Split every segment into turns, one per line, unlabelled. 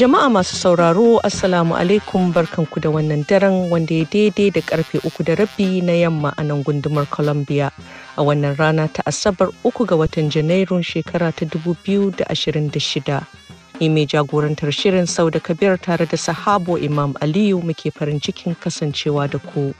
Jama'a masu sauraro Assalamu alaikum barkanku da wannan daren wanda ya daidai da karfe uku da rabi na yamma a nan gundumar Columbia a wannan rana ta Asabar uku ga watan Janairun shekara ta 2026. Ni mai jagorantar shirin sau da kabir tare da sahabo Imam Aliyu muke farin cikin kasancewa da ku.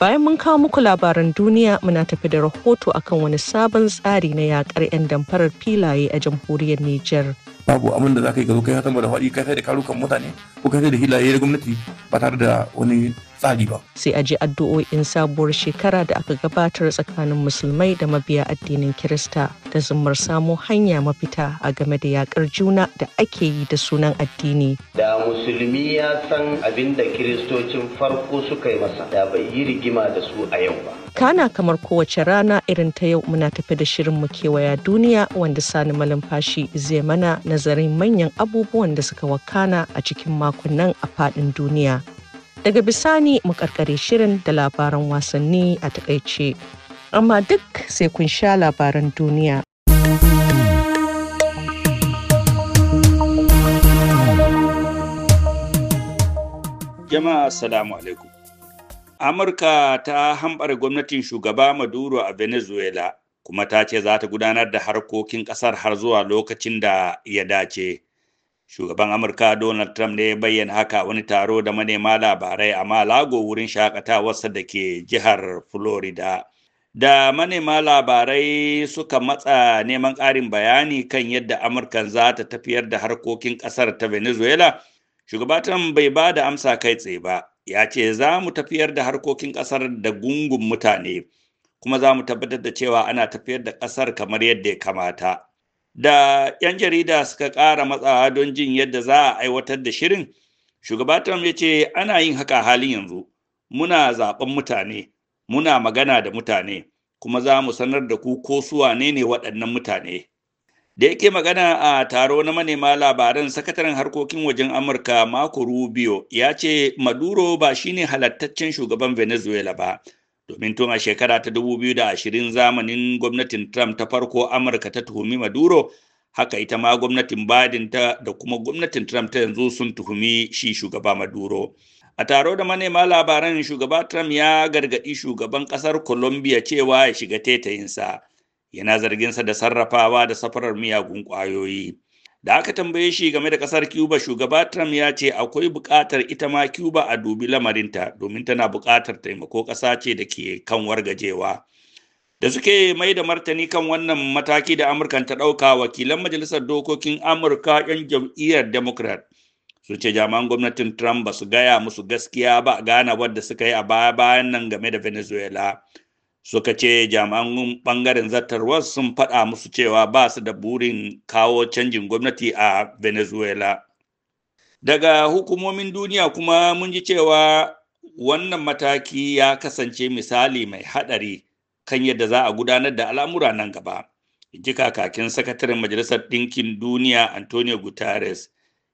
Bayan mun kawo muku labaran duniya muna tafi da rahoto akan wani sabon tsari na yakar 'yan damfarar filaye a jamhuriyar Nijar.
babu abin da za ka yi ka zo kai ba da faɗi kai sai da karukan mutane ko kai sai da hilaye da gwamnati ba tare da wani tsari ba.
Sai a ji addu'o'in sabuwar shekara da aka gabatar tsakanin musulmai da mabiya addinin Kirista da zumar samo hanya mafita a game da yakar juna da ake yi da sunan addini.
Da musulmi ya san abin da kiristocin farko suka yi masa da bai yi rigima da su a yau ba.
Kana kamar kowace rana irin ta yau muna tafi da shirin mu kewaya duniya wanda sani malumfashi zai mana nazarin manyan abubuwan da suka wakana a cikin makonnan a faɗin duniya. daga bisani mu karkare shirin da labaran wasanni a takaice amma duk sai kun sha labaran duniya
jama'a assalamu alaikum amurka ta hambar gwamnatin shugaba maduro a venezuela kuma ta ce za ta gudanar da harkokin kasar har zuwa lokacin da ya dace shugaban amurka donald trump ne ya bayyana haka wani taro da manema labarai a malago wurin shakatawarsa da ke jihar florida da manema labarai suka matsa neman ƙarin bayani kan yadda Amurka za ta tafiyar da harkokin ƙasar ta venezuela Shugaba trump bai ba da amsa kai tsaye ba ya ce za mu tafiyar da harkokin ƙasar da gungun mutane kuma za mu tabbatar da cewa ana tafiyar da ƙasar kamar yadda ya kamata da 'yan jarida suka ƙara matsawa don jin yadda za a aiwatar da shirin shugaba trump ya ce ana yin haka halin yanzu muna zaɓen mutane muna magana da mutane kuma za mu sanar da ku ko su wane ne waɗannan mutane da yake magana a taro na manema labaran sakataren harkokin wajen amurka marco rubio ya ce maduro ba shine halattaccen shugaban venezuela ba domin tun a shekara ta 2020 zamanin gwamnatin Trump ta farko Amurka ta tuhumi Maduro haka ita ma gwamnatin Biden ta da kuma gwamnatin Trump ta yanzu sun tuhumi shi shugaba Maduro. A taro da manema labaran shugaba Trump ya gargaɗi shugaban ƙasar Colombia cewa ya shiga tetayinsa, yana zarginsa da sarrafawa da safarar miyagun ƙwayoyi. da aka tambaye shi game da kasar cuba shugaba trump ya ce akwai buƙatar ita ma cuba a dubi lamarinta domin tana buƙatar taimako ƙasa ce da ke kan wargajewa da suke mai da martani kan wannan mataki da amurka ta ɗauka wakilan majalisar dokokin amurka 'yan jam'iyyar democrat su ce jami'an gwamnatin trump ba su gaya musu gaskiya ba a gane wadda suka yi a baya bayan nan game da venezuela suka ce jami'an bangaren zartarwar sun faɗa musu cewa ba su da burin kawo canjin gwamnati a venezuela daga hukumomin duniya kuma mun ji cewa wannan mataki ya kasance misali mai haɗari kan yadda za a gudanar da al'amura nan gaba ji kakakin sakataren majalisar ɗinkin duniya antonio guterres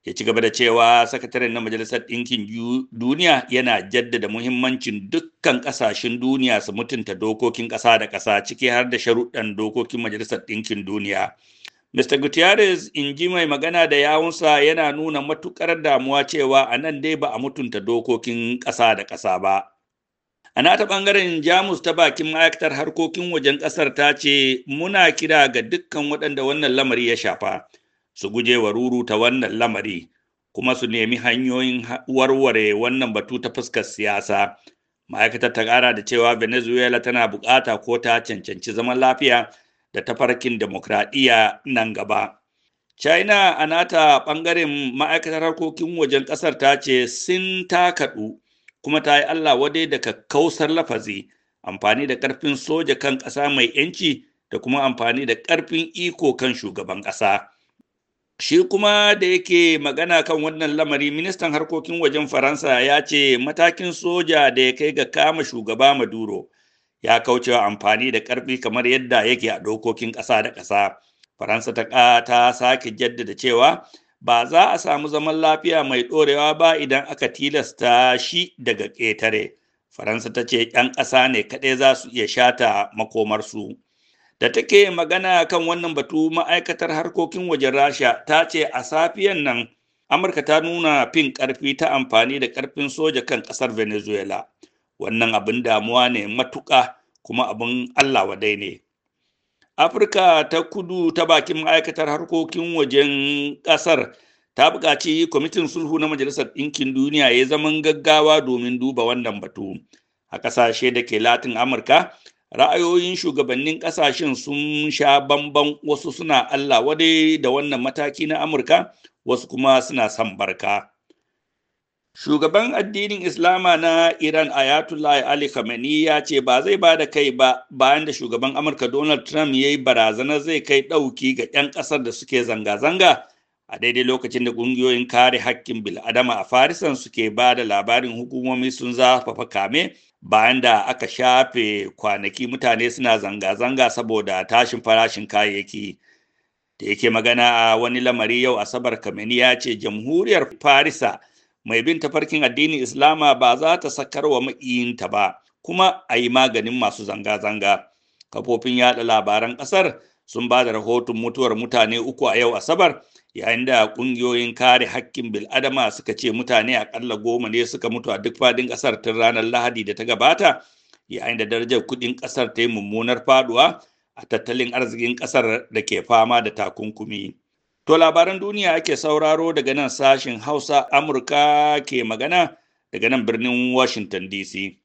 ya ci gaba da cewa sakataren na majalisar ɗinkin duniya yana jaddada muhimmancin dukkan ƙasashen duniya su mutunta dokokin ƙasa da ƙasa ciki har da sharuɗan dokokin majalisar ɗinkin duniya Mr. Gutierrez in ji mai magana da yawunsa yana nuna matukar damuwa cewa a nan dai ba a mutunta dokokin ƙasa da ƙasa ba. A nata ɓangaren Jamus ta bakin ma'aikatar harkokin wajen ƙasar ta ce muna kira ga dukkan waɗanda wannan lamari ya shafa. su guje wa ruruta wannan lamari kuma su nemi hanyoyin warware wannan batu ta fuskar siyasa ma'aikatar ta ƙara da cewa venezuela tana buƙata ko ta cancanci zaman lafiya da tafarkin demokradiyya nan gaba china a nata ɓangaren ma'aikatar harkokin wajen ƙasar ta ce sin ta kaɗu kuma ta yi allah wadai da kakkausar lafazi amfani da ƙarfin soja kan ƙasa mai 'yanci da kuma amfani da ƙarfin iko kan shugaban ƙasa. Shi kuma da yake magana kan wannan lamari ministan harkokin wajen Faransa ya ce matakin soja da ya kai ga kama shugaba Maduro ya kaucewa amfani da ƙarfi kamar yadda yake a dokokin ƙasa da ƙasa. Faransa ta ta sake jaddada cewa ba za a samu zaman lafiya mai ɗorewa ba idan aka tilasta shi daga ƙetare. Faransa ta ce ‘yan ƙasa ne kaɗai za su iya shata makomarsu. da take magana kan wannan batu ma'aikatar harkokin wajen rasha ta ce a safiyan nan amurka ta nuna fin karfi ta amfani da karfin soja kan kasar venezuela wannan abin damuwa ne matuƙa kuma abin allah wadai ne afirka ta kudu ta bakin ma'aikatar harkokin wajen kasar ta buƙaci kwamitin sulhu na majalisar ɗinkin duniya ya zaman gaggawa domin duba wannan batu a ƙasashe da ke latin amurka ra'ayoyin shugabannin kasashen sun sha bamban wasu suna Allah wadai da wannan mataki na Amurka wasu kuma suna son barka. Shugaban addinin Islama na Iran Ayatollah Ali Khamenei ya ce ba zai ba da kai ba bayan da shugaban Amurka Donald Trump ya yi barazana zai kai ɗauki ga 'yan ƙasar da suke zanga-zanga a daidai lokacin da ƙungiyoyin kare haƙƙin bil'adama a Farisan suke ba da labarin hukumomi sun zafafa kame bayan da aka shafe kwanaki mutane suna zanga-zanga saboda tashin farashin kayayyaki da yake magana a wani lamari yau asabar kameni ya ce jamhuriyar farisa mai bin tafarkin addinin islama ba za ta sakar wa maƙiyinta ba kuma a yi maganin masu zanga-zanga kafofin yaɗa labaran ƙasar sun ba da rahoton mutuwar mutane uku a yau asabar yayin da ƙungiyoyin kare haƙƙin bil'adama suka ce mutane aƙalla goma ne suka mutu a duk fadin ƙasar tun ranar lahadi da ta gabata yayin da darajar kuɗin ƙasar ta yi mummunar faduwa a tattalin arzikin ƙasar da ke fama da takunkumi. To labaran duniya ake sauraro daga nan sashin Hausa Amurka ke magana daga nan birnin Washington DC.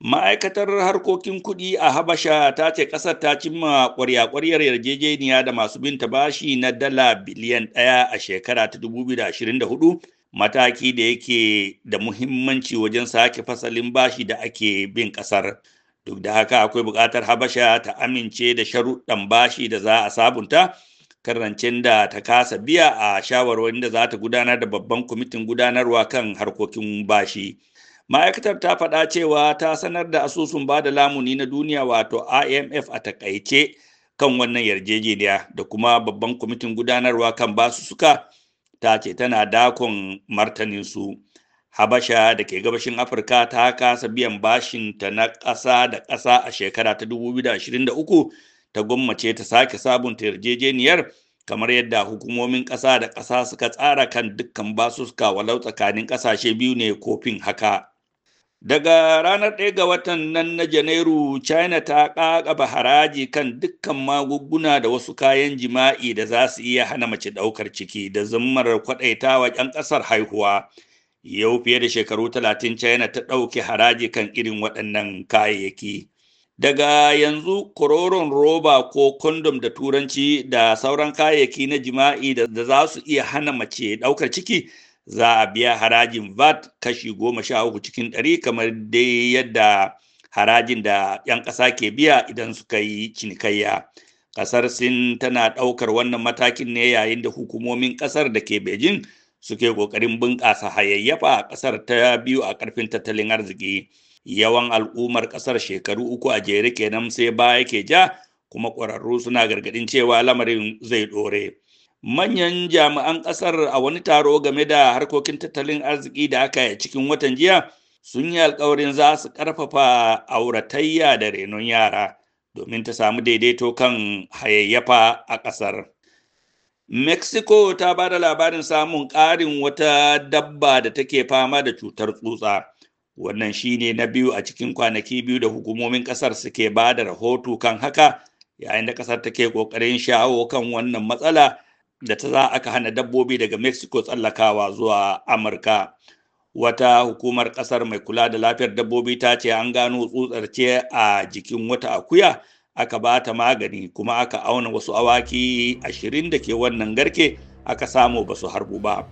Ma'aikatar harkokin kuɗi a Habasha ta ce ƙasar ta cimma ƙwarya-ƙwaryar yarjejeniya da masu binta bashi na dala biliyan ɗaya a shekara ta 2024 mataki da yake da muhimmanci wajen sake fasalin bashi da ake bin ƙasar. Duk da haka akwai buƙatar Habasha ta amince da sharuɗan bashi da za a sabunta, karrancin da ta kasa biya a shawarwarin da za ta gudanar da babban kwamitin gudanarwa kan harkokin bashi. ma'aikatar ta faɗa cewa ta sanar da asusun ba da lamuni na duniya wato imf a takaice kan wannan yarjejeniya da kuma babban kwamitin gudanarwa kan basussuka ta ce tana dakon martaninsu habasha da ke gabashin afirka ta kasa biyan bashinta na ƙasa da ƙasa a shekara ta 2023 ta gwammace ta sake sabunta yarjejeniyar kamar yadda hukumomin ƙasa da ƙasa suka tsara kan dukkan basussuka walau tsakanin ƙasashe biyu ne kofin haka Daga ranar ɗaya ga watan nan na Janairu, China ta ƙaƙaba haraji kan dukkan magunguna da wasu kayan jima'i da za su iya hana mace ɗaukar ciki da zammar kwaɗaitawa 'yan ƙasar haihuwa. Yau fiye da shekaru talatin China ta ɗauki haraji kan irin waɗannan kayayyaki. Daga yanzu kororon roba ko kondom da turanci da sauran kayayyaki na jima'i da za su iya hana mace ɗaukar ciki za a biya harajin VAT kashi goma sha uku cikin ɗari kamar dai yadda harajin da 'yan ƙasa ke biya idan suka yi cinikayya. Ƙasar Sin tana ɗaukar wannan matakin ne yayin da hukumomin ƙasar da ke Beijing suke ƙoƙarin bunƙasa hayayyafa a ƙasar ta biyu a ƙarfin tattalin arziki. Yawan al'ummar ƙasar shekaru uku a jere kenan sai baya ke ja kuma ƙwararru suna gargaɗin cewa lamarin zai ɗore. manyan jami'an ƙasar a wani taro game da harkokin tattalin arziki da aka yi cikin watan jiya sun yi alkawarin za su ƙarfafa auratayya da renon yara domin ta samu daidaito kan hayayyafa a ƙasar. Mexico ta ba da labarin samun ƙarin wata dabba da take fama da cutar tsutsa. Wannan shi ne na biyu a cikin kwanaki biyu da hukumomin ƙasar suke ba da rahoto kan haka yayin da ƙasar take ƙoƙarin shawo kan wannan matsala da ta za aka hana dabbobi daga mexico tsallakawa zuwa amurka wata hukumar ƙasar mai kula da lafiyar dabbobi ta ce an gano tsutsar ce a jikin wata akuya aka ba ta magani kuma aka auna wasu awaki ashirin da ke wannan garke aka samu ba su harbu ba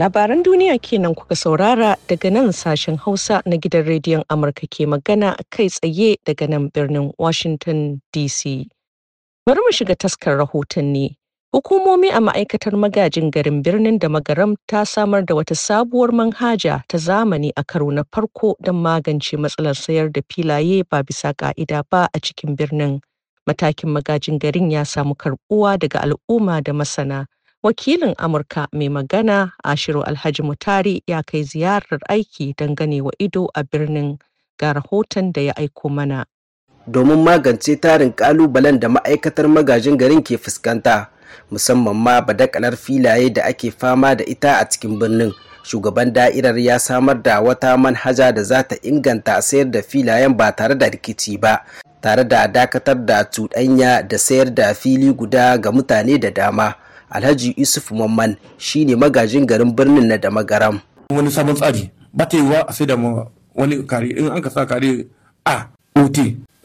Labaran duniya kenan kuka saurara daga nan sashen Hausa na gidan rediyon Amurka ke magana kai tsaye daga nan birnin Washington DC. Bari mu shiga taskar rahoton ne. Hukumomi a ma'aikatar magajin garin birnin da magaram ta samar da wata sabuwar manhaja ta zamani a karo na farko don magance matsalar sayar da filaye ba bisa ka'ida ba a cikin birnin. Matakin magajin garin ya samu karbuwa daga al'umma da masana. wakilin amurka mai magana ashiru alhaji mutari ya kai ziyarar aiki don ganewa ido a birnin ga rahoton da ya aiko mana
domin magance tarin kalubalen da ma'aikatar magajin garin ke fuskanta musamman ma badakalar filaye da ake fama da ita a cikin birnin shugaban da'irar ya samar da wata manhaja da za ta inganta sayar da filayen ba tare da rikici ba tare da dakatar da cuɗanya da sayar da fili guda ga mutane da dama alhaji yusuf mamman shine magajin garin
birnin na da magaram wani sabon tsari ba ta yiwuwa a sai da wani kare in an ka sa kare a ot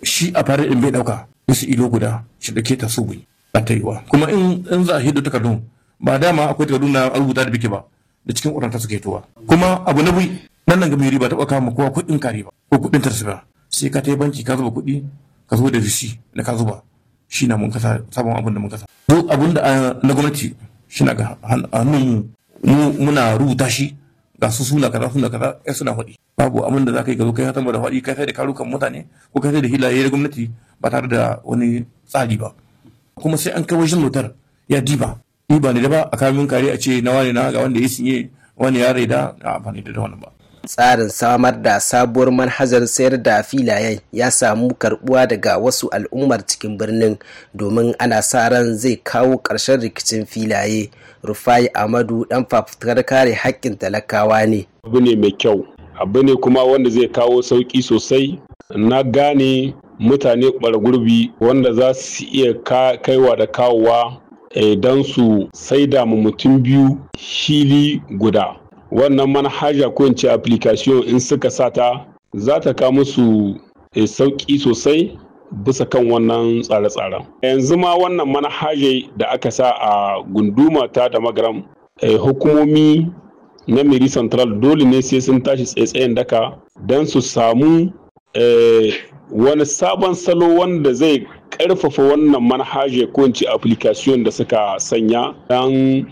shi a fara in bai dauka su ilo guda shi dake ta so bai ba ta yiwuwa kuma in in za a hido takardun ba dama akwai takardun na rubuta da bike ba da cikin ƙuranta suke tuwa. kuma abu na bi nan nan ga ba riba kama kowa kuɗin kare ba ko kuɗin tarsa ba sai ka ta yi banki ka zuba kuɗi ka zo da rishi da ka zuba shi na mun kasa sabon abin da mun kasa duk abin da eh, na gwamnati shi na ga hannun mu muna rubuta shi ga su suna kaza suna kaza ya suna faɗi babu abin da za ka yi ka kai hatamar da faɗi kai sai da karukan mutane ko kai sai da hilaye da gwamnati ba tare da wani tsari ba kuma sai an kai wajen motar ya diba diba ne da ba a kamin kare a ce na wani na ga wanda ya sinye wani ya raida a amfani da wannan ba
tsarin samar da sabuwar manhajar sayar da filayen ya samu karbuwa daga wasu al'ummar cikin birnin domin ana sa ran zai kawo ƙarshen rikicin filaye rufai amadu dan fafutukar
kare haƙƙin talakawa ne abu ne mai kyau abu ne kuma wanda zai kawo sauƙi sosai na gane mutane gurbi wanda za su iya kaiwa da kawowa eh, don su saida mu mutum biyu shili guda wannan manhaja ko ce application in suka sata za ta ka musu eh, sauƙi sosai bisa kan wannan tsare-tsaren yanzu ma wannan manhaja da aka sa a gunduma ta da magaram eh, hukumomi na miri central dole ne sai sun tashi tsaye-tsayen daka don su samu eh, wani sabon salo wanda zai ƙarfafa wannan manhaja ko ce application da suka sanya don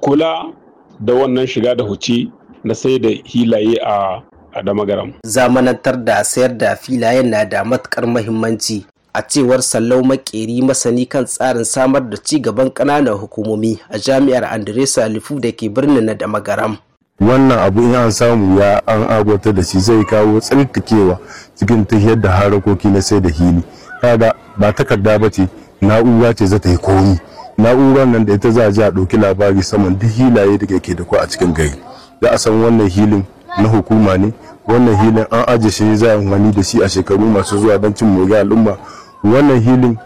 kula da wannan shiga da huci na sai da hilaye a a damagaram. Zamanantar da
sayar da filayen na da matukar mahimmanci a cewar sallau makeri masani kan tsarin samar da ci gaban ƙananan hukumomi a jami'ar andresa lifu da ke birnin na damagaram.
wannan abu in an samu ya an agwata da shi zai kawo tsarkakewa cikin tahiyar da harakoki na sai da hili kada ba takarda ba ce na'ura ce za ta yi komi na'urar nan da ita za a je a ɗauki labari saman duk hilaye da ke da ku a cikin gari za a san wannan hilin na hukuma ne wannan hilin an aje shi ne za a amfani da shi a shekaru masu zuwa don cin mori al'umma wannan hilin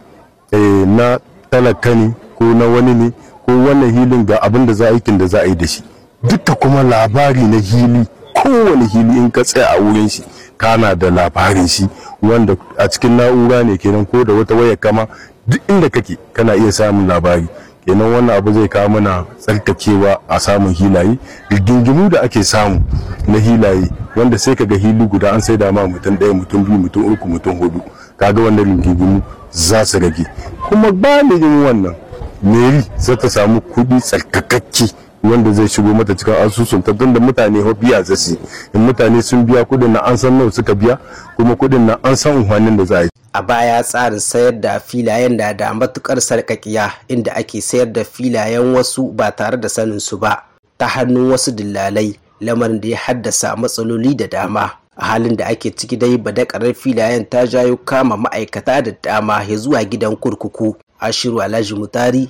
eh, na talaka ne ko na wani ne ko wannan hilin ga abin da za a aikin da za a yi da shi duka kuma labari na hili kowane hili in ka tsaya a wurin shi kana da labarin shi wanda a cikin na'ura ne kenan ko da wata waya kama duk inda kake kana iya samun labari kenan wannan abu zai kawo mana tsarkakewa a samun hilaye rigingimu da ake samu na hilaye wanda sai kaga hilu guda an da ma mutum ɗaya mutum biyu mutum uku mutum hudu kaga wannan rigingimu za su rage kuma ba ni yin wannan meri za ta samu kuɗi tsarkakakke wanda zai shigo mata cikin asusun ta tunda mutane ho biya zasu in mutane sun biya kuɗin na an san nawa suka biya kuma kuɗin na an san umarnin da za a yi
a baya tsarin sayar da filayen na da matukar sarkakiya inda ake sayar da filayen wasu ba tare da sanin su ba ta hannun wasu dillalai lamarin da ya haddasa matsaloli da dama a halin da ake ciki dai ba badakarar filayen ta jayo kama ma'aikata da dama ya zuwa gidan kurkuku a ashiru alhaji mutari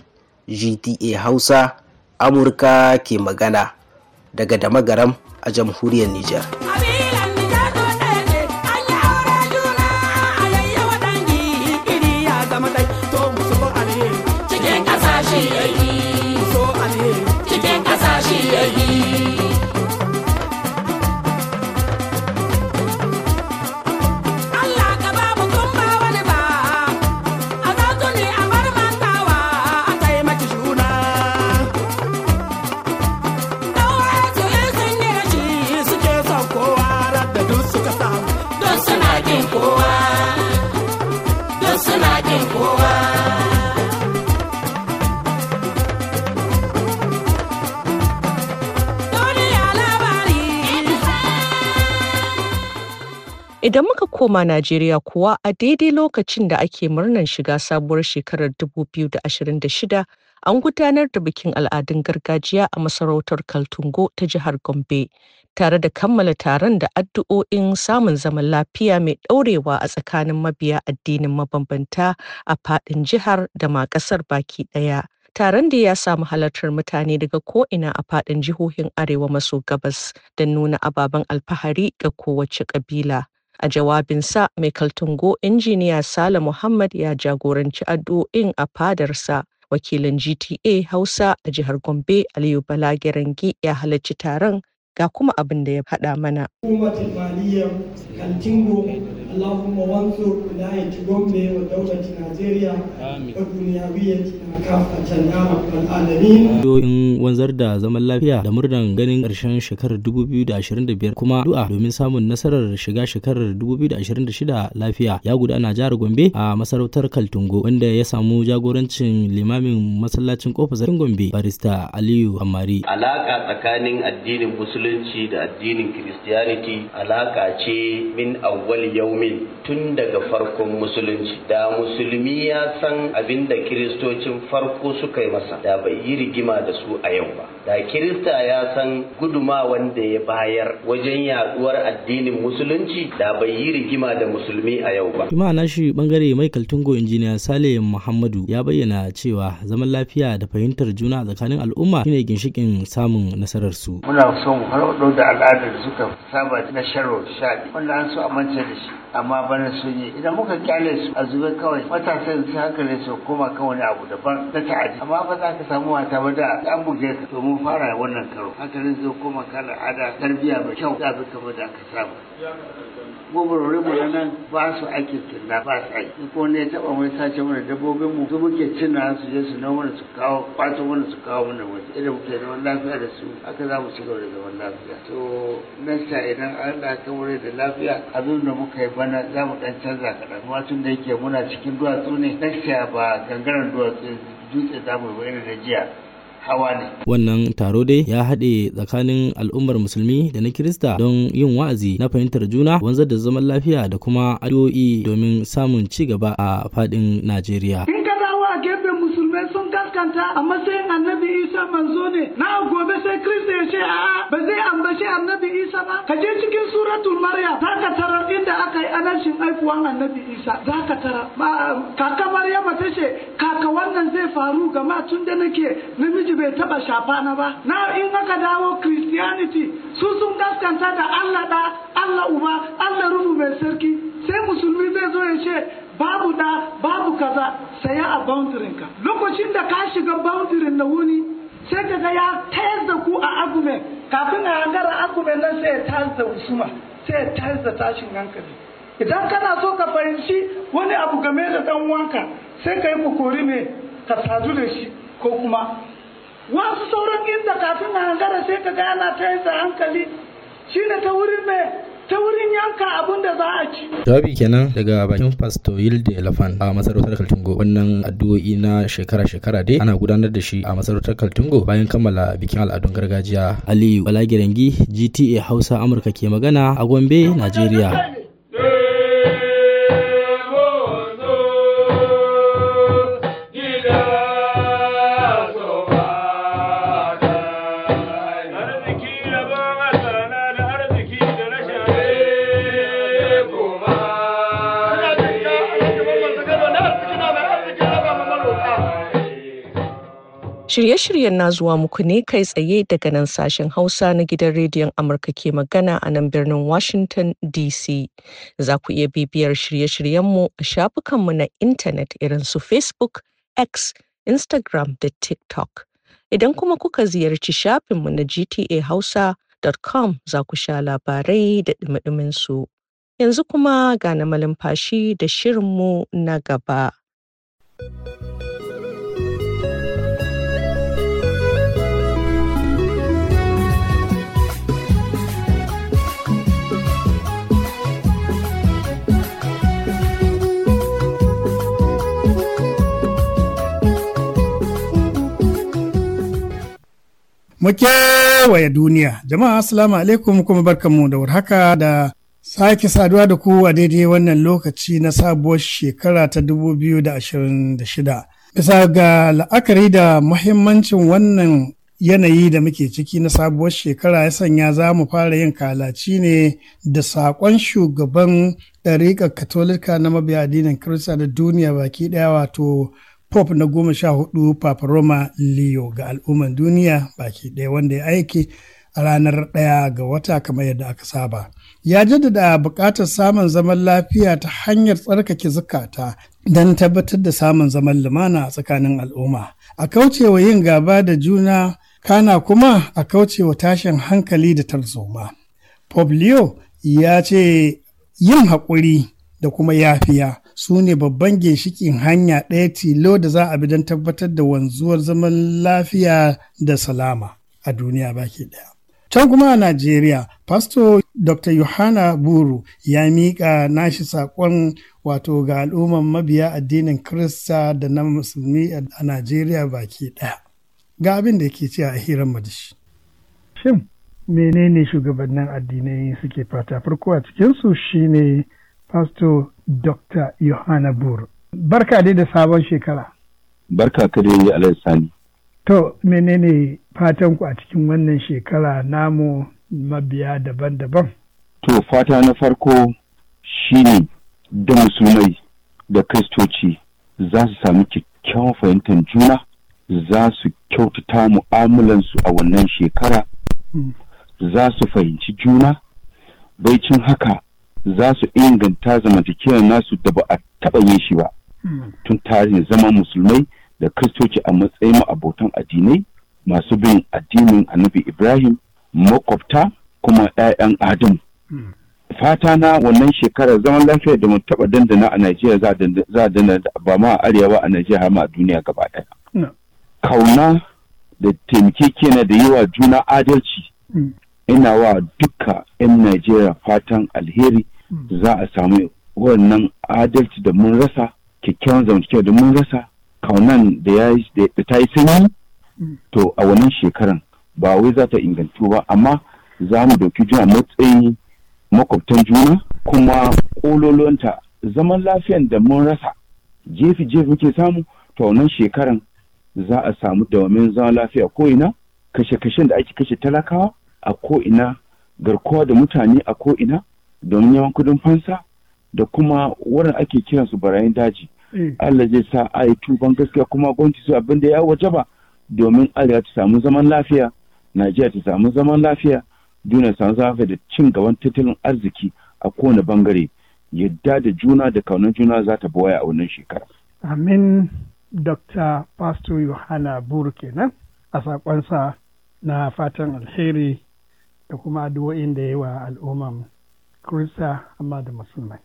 gta hausa amurka ke magana daga damagaram a jamhuriyar niger
koma Najeriya kuwa a daidai lokacin da ake murnar shiga sabuwar shekarar dubu biyu da da ashirin shida, an gudanar da bikin al'adun gargajiya a masarautar Kaltungo ta jihar Gombe tare da kammala taron da addu'o'in samun zaman lafiya mai ɗorewa a tsakanin mabiya addinin mabambanta a faɗin jihar da ma ƙasar baki ɗaya. taron da ya samu halartar mutane daga ko'ina a faɗin jihohin arewa maso gabas da nuna ababen alfahari ga kowace ƙabila. A jawabinsa, mai kaltungo injiniya Sale Muhammad ya jagoranci addu'o'in a fadarsa. Wakilin GTA Hausa a jihar Gombe, Aliyu Bala ya halarci taron ga kuma abin da ya faɗa mana.
Hukumatul Maliyya Kaltingo
Allahumma wanzu wilayati Gombe wa daulati Najeriya wa duniyawiyyati kafatan ya alamin.
Doyin wanzar da zaman lafiya da murnan ganin ƙarshen shekarar 2025 kuma du'a domin samun nasarar shiga shekarar 2026 lafiya ya gudana jihar Gombe a masarautar Kaltungo wanda ya samu jagorancin limamin masallacin kofar Gombe barista Aliyu Amari.
Alaka tsakanin addinin Musulunci musulunci da addinin christianity alaka ce min awwal yaumin tun daga farkon musulunci da musulmi ya san abin da kiristocin farko suka yi masa da bai yi rigima da su a yau ba da kirista ya san guduma wanda ya bayar wajen yaduwar addinin musulunci da bai yi rigima da musulmi a yau
ba kuma na shi bangare mai kaltungo injiniya Saleh muhammadu ya bayyana cewa zaman lafiya da fahimtar juna tsakanin al'umma shine ginshikin samun nasarar su muna son faraudo da al'adar suka
saba na sharo shaɗi wanda an so amince da shi amma bana sun yi idan muka kyale su a zube kawai matasa su haka ne su koma kan wani abu daban na ta'adi amma ba za ka samu mata ba da an buge ka domin fara wannan karo hankalin zai koma kan al'ada tarbiyya mai kyau da abin kamar da aka samu gobarori mu nan ba su ake kinna ba su ake ko ne taba mai sace mana dabbobin mu su muke cinna su je su noma su kawo kwato mana su kawo mana wani irin muke na lafiya da su haka za mu ci gaba da lafiya to nasta idan Allah ta wuri da lafiya abin da muka yi bana za mu dan canza kaɗan kuma tun da yake muna cikin duwatsu ne nasta ba gangaren duwatsu dutse za mu yi da jiya hawa ne.
Wannan taro dai ya haɗe tsakanin al'ummar musulmi da na Kirista don yin wa'azi na fahimtar juna wanzar da zaman lafiya da kuma addu'o'i domin samun ci gaba a faɗin Najeriya. In
ka dawo a gefen musulmai sun gaskanta a matsayin annabi Isa manzo ne na gobe sai Kirista ya ce a'a ba zai ambaci annabi Isa ba ka je cikin suratul Maryam ka tara inda aka yi anashin aikuwan annabi Isa za ka tara kaka Maryam ta ce kaka wannan zai faru gama tun da nake namiji bai taba shafa na ba na in aka dawo Christianity su sun gaskanta da Allah da Allah uba Allah ruhu mai sarki sai musulmi zai zo ya ce babu da babu kaza saya a ka lokacin da ka shiga boundary na wuni sai ka ga ya tayar da ku a agume kafin a hangara agume nan sai ya tayar da usuma sai ya tayar da tashin hankali idan kana so ka fahimci wani abu game da dan wanka sai ka yi kokori mai ka sadu da shi ko kuma wasu sauran inda kafin a hangara sai ka ga yana tayar da hankali shine ta wurin mai ta wurin yanka abun da za a ci.
Jawabi kenan daga bakin Pastor Yilde elefan a masarautar Kaltungo. Wannan addu'o'i na shekara-shekara dai ana gudanar da shi a masarautar Kaltungo bayan kammala bikin al'adun gargajiya. Aliyu Balagirangi GTA Hausa Amurka ke magana a Gombe, Najeriya.
Shirye-shiryen na zuwa muku ne kai tsaye daga nan sashen Hausa na gidan rediyon Amurka ke magana a nan birnin Washington DC. Za ku iya bibiyar shirye-shiryenmu a shafukanmu na intanet irin su Facebook, X, Instagram da TikTok. Idan kuma kuka ziyarci shafinmu na gtahausa.com za ku sha labarai da ɗumi su. Yanzu kuma ga na malumfashi da shirinmu na gaba.
mu kewaye duniya. Jama'a assalamu alaikum kuma barkanmu da warhaka da sake saduwa da ku a daidai wannan lokaci na sabuwar shekara ta 2026. Bisa ga la'akari da muhimmancin wannan yanayi da muke ciki na sabuwar shekara ya sanya za mu fara yin kalaci ne da saƙon shugaban ɗariƙar katolika na mabiya addinin kirista da duniya baki ɗaya wato Pop na goma sha hudu Papa Roma Leo ga al'umman duniya baki ɗaya wanda ya aiki a ranar ɗaya ga wata kamar yadda aka saba. Ya jaddada buƙatar samun zaman lafiya ta hanyar tsarkake zukata don tabbatar da samun zaman lumana a tsakanin al'umma. A kaucewa yin gaba da juna kana kuma a kaucewa tashin hankali da tarzoma. Pop Leo ya ce yin haƙuri da kuma yafiya su ne babban ginshikin hanya ɗaya tilo da za a bi don tabbatar da wanzuwar zaman lafiya da salama a duniya baki ɗaya. Can kuma a Najeriya, Pasto Dr. Yohana Buru ya miƙa nashi saƙon wato ga al'umman mabiya addinin Kirista da na Musulmi a Najeriya baki ɗaya. Ga abin da yake ce a hirar madishi. Shin menene shugabannin addinai suke fata farko a cikinsu shine Pasto Dr. Yohana Buru. Barka dai da sabon shekara.
Barka ka dai Alhaji Sani.
To, menene fatanku a cikin wannan shekara namu mabiya daban-daban?
To, fata na farko shine da musulmai da kristoci za su sami kyakkyawan fahimtar juna, za su kyautata mu'amulansu a wannan shekara, hmm. za su fahimci juna, baicin haka za su inganta zamantakewar nasu da ba a taɓa yin shi ba hmm. tun tarihin zama musulmai da kristoci a matsayin abotan addinai masu bin addinin annabi ibrahim makwabta kuma 'ya'yan adam hmm. fata na wannan shekarar zaman lafiya da mun taɓa dandana a najeriya za a dandana ba ma a arewa a najeriya har ma a duniya gaba ɗaya hmm. kauna da taimakekena da yawa juna adalci ina wa duka 'yan najeriya fatan alheri hmm. za a samu wannan adalci da mun rasa kyakkyawan zamantakewa da mun rasa kaunan da ta yi sanyi hmm. to a wannan shekaran ba wai za ta ingantu ba amma za mu dauki juna matsayin makwabtan juna kuma ƙololonta zaman lafiyan da mun rasa jefi jefi muke samu to wannan shekaran za a samu dawamin zaman lafiya ko ina kashe-kashen da ake kashe talakawa a ko'ina garkuwa da mutane a ko'ina domin yawan kudin fansa da kuma wurin ake kiransu barayin daji mm. Allah zai sa a yi tuban gaskiya kuma gwamnati su abin da ya wajaba domin Allah ta samu zaman lafiya Najeriya ta samu zaman lafiya duniya samu zaman da cin gaban tattalin arziki a kowane bangare yadda da juna da kaunar juna za ta waya a wannan shekara.
Amin Dr. Pastor Yohana Buru kenan a sakonsa na fatan alheri da kuma addu'o'in da ya wa al'umman Kirista amma da musulmai.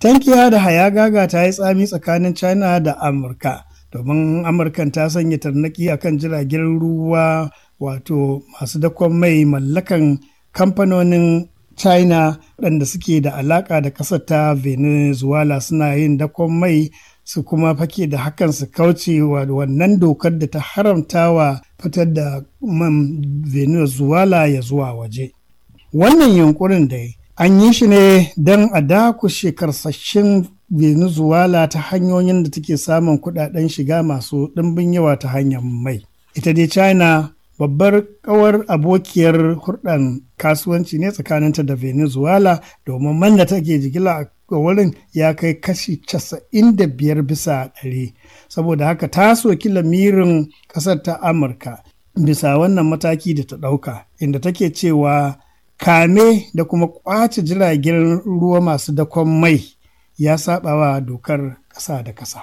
Tankiya da hayagaga ta yi tsami tsakanin China da Amurka. domin Amurka ta sanya tarnaki a kan jiragen ruwa wato masu dakon mai mallakan kamfanonin china waɗanda suke da alaƙa da ƙasar ta venezuela suna yin dakon mai su kuma fake da hakan su kauce wa wannan dokar da ta haramta wa fitar da man venezuela ya zuwa waje wannan yunkurin dai an yi shi ne don a daku shekarsashin venezuela ta hanyoyin da take samun kudaden shiga masu ɗimbin yawa ta hanyar mai ita dai china babbar kawar abokiyar hurdan kasuwanci ne tsakaninta da venezuela domin man da take jigila a wurin ya kai kashi 95 bisa ɗari saboda haka ta soki lamirin ƙasar ta amurka bisa wannan mataki da ta ɗauka inda take cewa kame da kuma ƙwace jiragen ruwa masu dakon mai ya saba wa dokar ƙasa da ƙasa.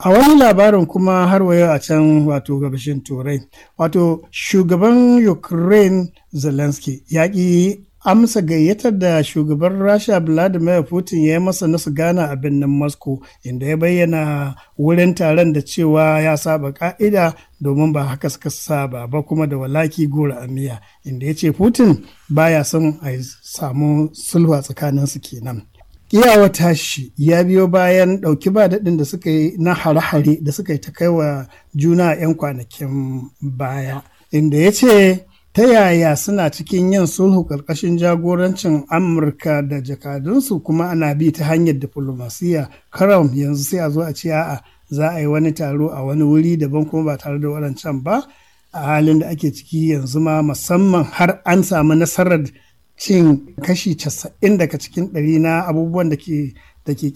A wani labarin kuma har wayo a can wato gabashin Turai, wato shugaban Ukraine Zelensky ya ƙi amsa gayyatar da shugaban rasha vladimir putin ya yi masa na su gana a birnin moscow inda ya bayyana wurin taron da cewa ya saba ka'ida domin ba haka suka saba ba kuma da walaki gora miya inda ya ce putin baya son a samu sulhu su kenan wata tashi ya biyo bayan ɗauki ba daɗin da suka yi na hare-hare da suka yi ta kai wa juna 'yan kwanakin baya inda ya ce ta yaya suna cikin yin sulhu ƙarƙashin jagorancin amurka da jakadunsu kuma ana bi ta hanyar diflomasiya karam yanzu sai a zo a ce a'a za a yi wani taro a wani wuri daban kuma ba tare da waɗancan ba a halin da ake ciki yanzu ma musamman har an samu nasarar cin kashi casa'in daga cikin ɗari na abubuwan da ke da ke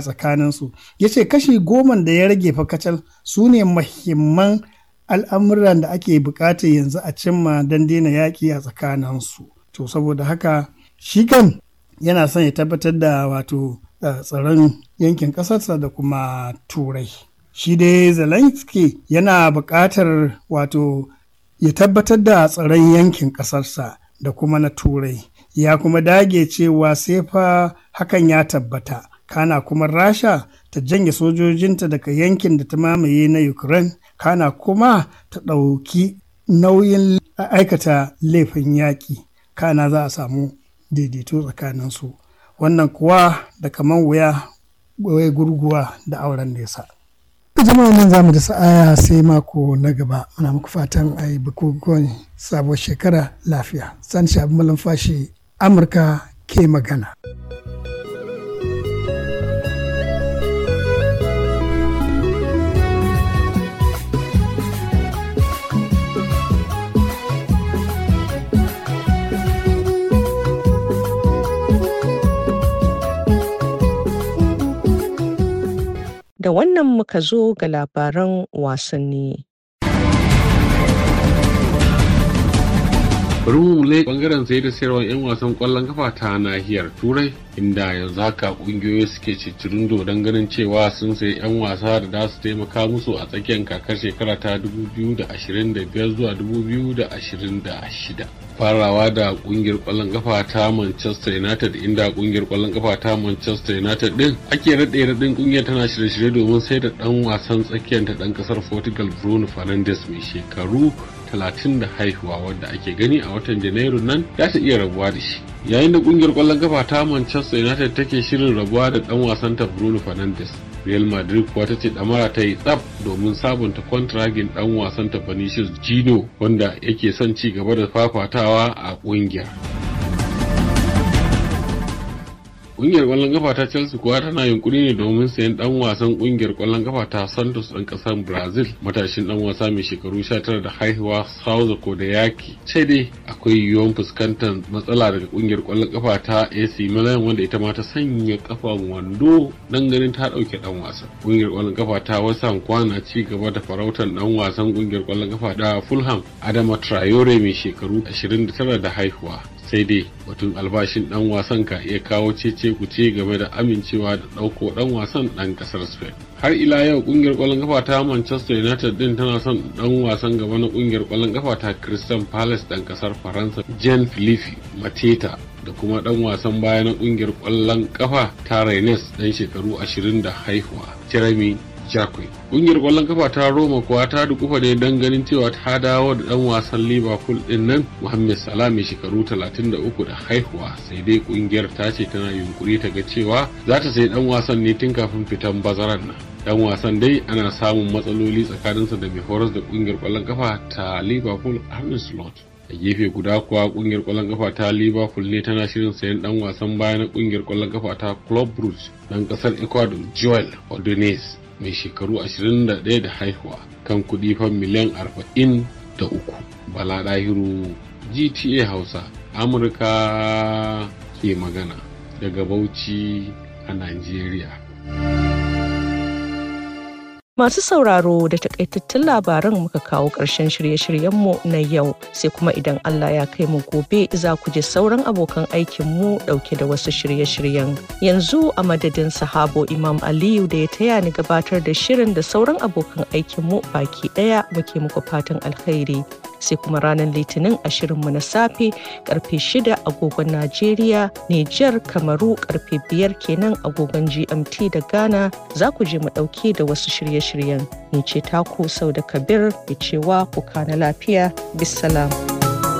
tsakaninsu ya ce kashi goma da ya rage fa kacal su ne mahimman al'amuran da ake bukata yanzu a cimma don daina yaƙi a tsakaninsu to saboda haka shi kan yana son ya tabbatar da wato tsaron yankin ƙasarsa da kuma turai shi dai zelensky yana buƙatar wato ya tabbatar da tsaron yankin ƙasarsa da kuma na turai ya kuma dage cewa sai fa hakan ya tabbata kana kuma rasha ta janye sojojinta daga yankin da ta mamaye na ukraine kana kuma ta ɗauki nauyin aikata laifin yaƙi kana za a samu daidaito tsakaninsu wannan kuwa da kaman wuya wai gurguwa da auren nesa. jama'a nan zamu da sa'aya sai mako na gaba muna muku fatan a yi bukukuwan sabuwar shekara lafiya san shabi malamfashi amurka ke magana.
da wannan muka zo ga labaran wasanni.
rumule bangaren sai da sayarwa 'yan wasan kwallon kafa ta nahiyar turai inda yanzu haka kungiyoyi suke do don ganin cewa sun sayi 'yan wasa da za su taimaka musu a tsakiyar kakar shekara ta 2025 zuwa 2026 farawa da kungiyar kwallon kafa ta manchester united inda kungiyar kwallon kafa ta manchester united din ake rade radin kungiyar tana shirye-shirye domin sai da dan wasan tsakiyar ta dan kasar portugal bruno fernandes mai shekaru talatin da haihuwa wadda ake gani a watan janairu nan za ta iya rabuwa da shi yayin da kungiyar kwallon kafa ta manchester united take shirin rabuwa da dan wasanta bruno fernandes real madrid kuwa ta ce damara ta yi tsaf domin sabunta kwantragin dan wasanta vinicius gino wanda yake son ci gaba da fafatawa a kungiyar. Ƙungiyar kwallon kafa ta Chelsea kuwa tana yunkuri ne domin sayan ɗan wasan kungiyar kwallon kafa ta Santos ɗan kasar Brazil matashin dan wasa mai shekaru 19 da haihuwa ko yaki Ce dai akwai yiwuwar fuskantar matsala daga ƙungiyar kwallon kafa ta AC Milan wanda ita ma ta sanya kafan wando dan ganin ta ɗauke ɗan wasan. kungiyar kwallon kafa ta wasa kwana ci gaba da farautar ɗan wasan ƙungiyar kwallon kafa da Fulham Adama Traore mai shekaru 29 da haihuwa. sai dai batun albashin dan wasan ka iya kawo cece kuce game da amincewa da dauko dan wasan dan kasar spain har ila yau kungiyar kwallon kafa ta manchester united din tana son dan wasan gaba na kungiyar kwallon kafa ta christian palace dan kasar faransa jean philippe mateta da kuma dan wasan baya na kungiyar kwallon kafa ta rennes dan shekaru 20 da haihuwa jeremy Jacque. Ƙungiyar kwallon kafa ta Roma kuwa ta dukufa ne don ganin cewa ta dawo da ɗan wasan Liverpool ɗin nan Mohamed Salah mai shekaru 33 da haihuwa sai dai ƙungiyar ta ce tana yunkuri ta ga cewa za ta sayi ɗan wasan ne tun kafin fitan bazaran nan. dan wasan dai ana samun matsaloli tsakaninsa da mai horas da kungiyar kwallon kafa ta liverpool arne slot a gefe guda kuwa kungiyar kwallon kafa ta liverpool ne tana shirin sayan dan wasan baya na kungiyar kwallon kafa ta club brugge dan kasar ecuador joel ordonez mai shekaru 21 da haihuwa kan kuɗi fan miliyan 43 bala ɗahiru gta hausa amurka ke magana daga bauchi a nigeria
Masu sauraro da takaitattun labaran muka kawo ƙarshen shirye-shiryenmu na yau sai kuma idan Allah ya kai mu gobe za ku ji sauran abokan aikinmu ɗauke da wasu shirye-shiryen. Yanzu a madadin sahabo Imam Aliyu da ya taya ni gabatar da shirin da sauran abokan aikinmu baki ɗaya muke muku fatan alkhairi. sai kuma ranar litinin a mu na safe karfe 6 agogon Najeriya, Nijar, Kamaru karfe 5 kenan agogon GMT da Ghana za ku je mu ɗauke da wasu shirye-shiryen. Ni ce taku sau da kabir ya cewa ku kana lafiya bisalam.